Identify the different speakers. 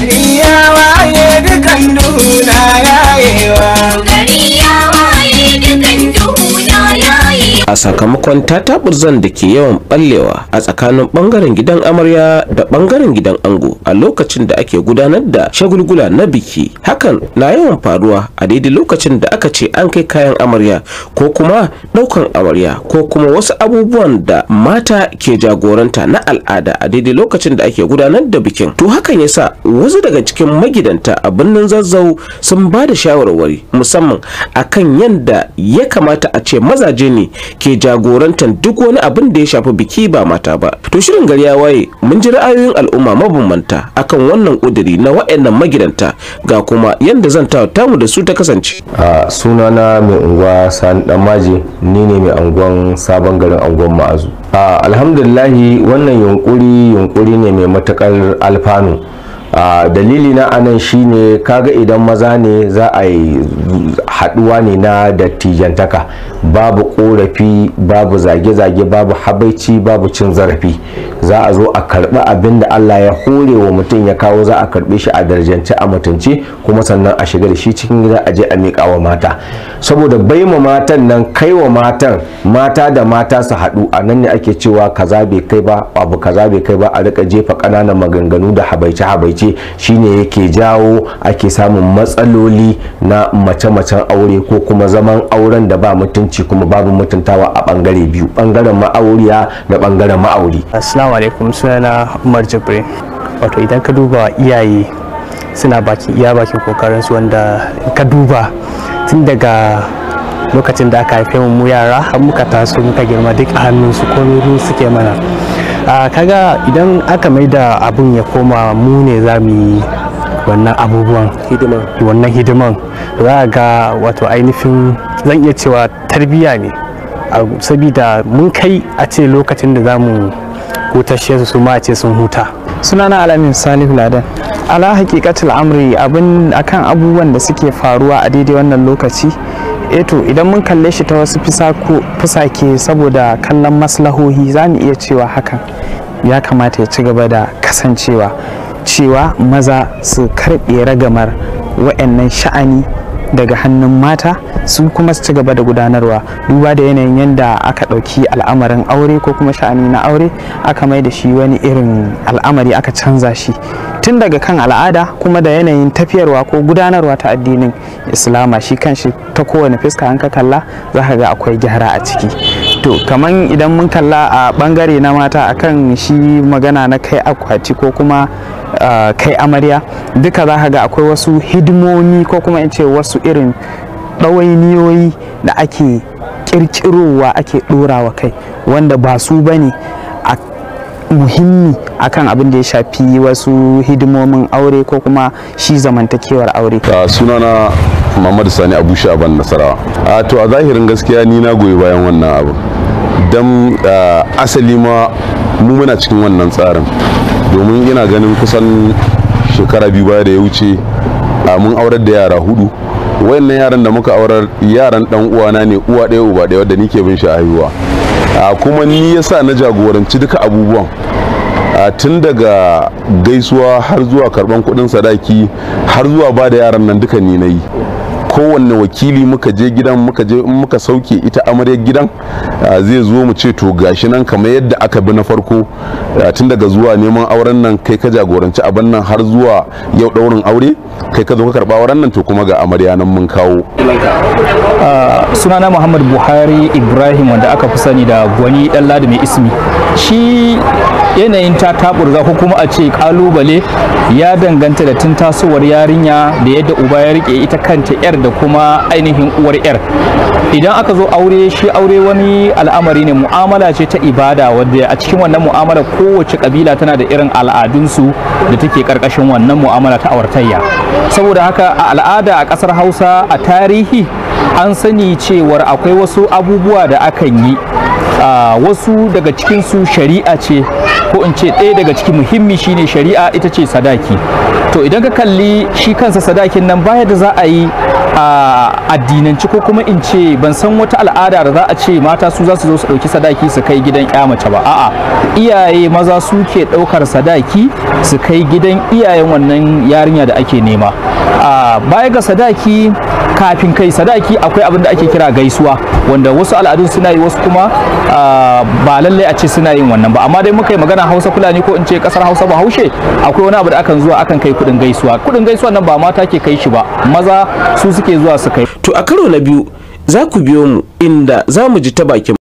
Speaker 1: Рияла a sakamakon tataburzan da ke yawan ballewa a tsakanin bangaren gidan amarya da bangaren gidan ango a lokacin da ake gudanar da shagulgula na biki hakan na yawan faruwa a daidai lokacin da aka ce an kai kayan amarya ko kuma daukan amarya ko kuma wasu abubuwan da mata ke jagoranta na al'ada a daidai lokacin da ake gudanar da bikin to hakan yasa wasu daga cikin magidanta a birnin zazzau sun ba da shawarwari musamman akan yadda ya kamata a ce mazaje ne ke jagorantar duk wani abin da ya shafi biki ba mata ba to shirin gari ya waye mun ji ra'ayoyin al'umma mabambanta akan wannan ƙuduri na waɗannan magidanta ga kuma yadda zan mu da su ta kasance a sunana mai unguwa sani dan maji ni ne mai unguwan sabon garin
Speaker 2: unguwar ma'azu a alhamdulillahi wannan yunkuri yunkuri ne mai matakar alfanu dalili na anan shine kaga idan maza ne za a yi haduwa ne na dattijantaka babu korafi babu zage-zage babu habaici babu cin zarafi za a zo a karɓi abin da Allah ya hore wa mutum ya kawo za a karɓe shi a darajance a mutunci kuma sannan a shiga da shi cikin gida a je a miƙa wa mata saboda bai baima matan nan kai wa matan mata da mata su haɗu a nan ne ake cewa kaza bai kai ba abu kaza bai kai ba a rika jefa ƙananan maganganu da habaice habaice shine yake jawo ake samun matsaloli na mace-macen aure ko kuma zaman auren da ba mutunci kuma babu mutuntawa a ɓangare biyu ɓangaren ma'auriya da ɓangaren ma'auri. assalamu alaikum sunana umar Jibre wato
Speaker 3: idan ka duba iyaye suna baki iya bakin kokarin su wanda ka duba tun daga lokacin da aka haife mu yara har muka taso muka girma duk a hannun su komai suke mana a kaga idan aka mai da abun ya koma mu ne za mu yi wannan abubuwan Hidiman. wannan hidiman za a ga wato ainihin zan iya cewa tarbiyya ne sabida mun kai a ce lokacin da za mu hutashe su su ma ce sun huta sunana alamin salihu ladan ala hakikatul amri abin akan abubuwan da suke faruwa a daidai
Speaker 4: wannan lokaci eto eh idan mun kalle shi ta wasu fusake saboda kallon maslahohi za mu iya cewa hakan ya kamata ya ci gaba da kasancewa cewa maza su karɓe ragamar wa'annan sha'ani daga hannun mata su kuma su ci gaba da gudanarwa duba da yanayin yadda aka ɗauki al'amarin aure ko kuma sha'ani na aure aka mai da shi wani irin al'amari aka canza shi tun daga kan al'ada kuma da yanayin tafiyarwa ko gudanarwa ta addinin islama shi kanshi ta kowane fuska an ka kalla za ka ga akwai gyara a ciki to kaman idan mun kalla a bangare na mata akan shi magana na kai akwati ko kuma ah, kai amarya duka za ka ga akwai wasu hidimomi ko kuma in ce wasu irin ɗawainiyoyi da ake ƙirƙirowa ake ɗorawa kai wanda ba su ba ne a muhimmi akan abin da ya shafi wasu hidimomin aure ko kuma shi zamantakewar aure
Speaker 5: sunana muhammadu sani abu shaban nasarawa a to a zahirin gaskiya ni na goyi bayan wannan abu don asali ma mu muna cikin wannan tsarin domin ina ganin kusan shekara biyu baya da ya wuce mun aurar da yara hudu wayannan yaran da muka aurar yaran dan uwana ne uwa ɗaya uba ɗaya wadda nike bin shi a haihuwa kuma ni yasa na jagoranci duka abubuwan a tun daga gaisuwa har zuwa karban kuɗin sadaki har zuwa ba da yaran nan duka ni na kowanne wakili muka je gidan muka je muka sauke ita amaryar gidan zai zo mu ce to gashi nan kamar yadda aka bi na farko tun daga zuwa neman auren nan kai ka jagoranci abin nan har zuwa yau daurin aure kai ka zo ka karba auren nan to kuma ga amarya nan mun kawo
Speaker 6: sunana muhammad buhari ibrahim wanda aka fi sani da gwani dan ladi mai ismi shi yanayin ta taburza ko kuma a ce kalubale ya danganta da tun tasowar yarinya da yadda uba ya rike ita kanta yar da kuma ainihin uwar yar idan aka zo aure shi aure wani al'amari ne mu'amala ce ta ibada wadda a cikin wannan mu'amala kowace kabila tana da irin al'adunsu da take karkashin wannan mu'amala ta auratayya saboda haka a al'ada a kasar hausa a tarihi an sani cewar akwai wasu abubuwa da akan yi ah, wasu daga cikinsu shari'a ce ko in ce ɗaya daga cikin muhimmi shine shari'a ita ce sadaki to idan ka kalli shi kansa sadakin nan baya da za a yi a addinanci ko kuma in ce ban san wata al'ada da za a ce mata su za su zo su ɗauki sadaki su kai gidan ya mace ba a'a iyaye maza su ke ɗaukar sadaki su kai gidan iyayen wannan yarinya da ake nema a baya ga sadaki kafin kai sadaki akwai abin da ake kira gaisuwa wanda wasu al'adun suna yi wasu kuma ba lallai a ce suna yin wannan ba amma dai muka yi magana magana hausa fulani ko in ce kasar hausa bahaushe akwai wani abu da akan zuwa akan kai kudin gaisuwa kudin gaisuwa nan ba mata ke kai shi ba maza su suke zuwa su kai to a karo na biyu za ku biyo mu inda za mu ji ta bakin